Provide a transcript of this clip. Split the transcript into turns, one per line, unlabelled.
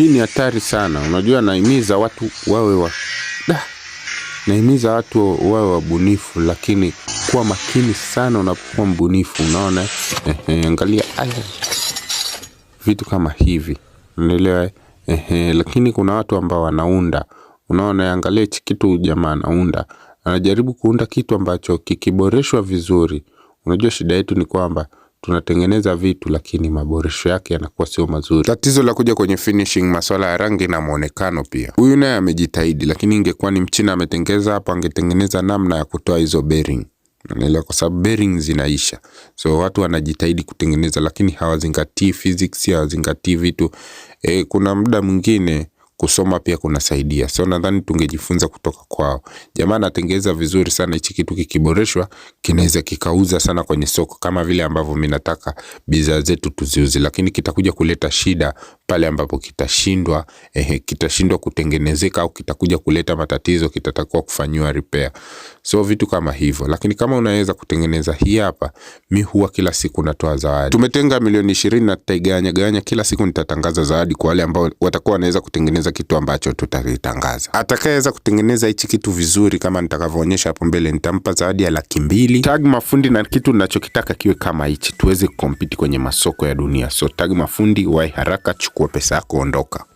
Hii ni hatari sana. Unajua, naimiza watu wawe wa da, naimiza watu wawe wabunifu, lakini kuwa makini sana unapokuwa mbunifu. Unaona, ehe, angalia aya, vitu kama hivi, unaelewa? Ehe, lakini kuna watu ambao wanaunda, unaona, angalia hichi kitu, jamaa anaunda, anajaribu kuunda kitu ambacho kikiboreshwa vizuri. Unajua, shida yetu ni kwamba tunatengeneza vitu lakini maboresho yake yanakuwa sio mazuri.
Tatizo la kuja kwenye finishing, masuala ya rangi na mwonekano pia. Huyu naye amejitahidi, lakini ingekuwa ni mchina ametengeza hapo, angetengeneza namna ya kutoa hizo bearing, unaelewa, kwa sababu bearing zinaisha. So watu wanajitahidi kutengeneza, lakini hawazingatii physics, hawazingatii vitu e, kuna muda mwingine kusoma pia kunasaidia. So nadhani tungejifunza kutoka kwao. Jamaa anatengeneza vizuri sana, hichi kitu kikiboreshwa kinaweza kikauza sana kwenye soko kama vile ambavyo mimi nataka bidhaa zetu tuziuze, lakini kitakuja kuleta shida pale ambapo kitashindwa eh, kitashindwa kutengenezeka au kitakuja kuleta matatizo, kitatakiwa kufanyiwa repair. So vitu kama hivyo, lakini kama unaweza kutengeneza hii hapa, mi huwa kila siku natoa zawadi. Tumetenga milioni ishirini na tutaigawanya gawanya kila siku, nitatangaza zawadi kwa wale ambao watakuwa wanaweza kutengeneza kutengeneza kitu ambacho tutakitangaza. Atakayeweza kutengeneza hichi kitu vizuri kama nitakavyoonyesha hapo mbele, nitampa zawadi ya laki mbili. Tag Mafundi na kitu ninachokitaka kiwe kama hichi, tuweze kukompiti kwenye masoko ya dunia. So Tag Mafundi, wai haraka, chukua pesa yako, ondoka.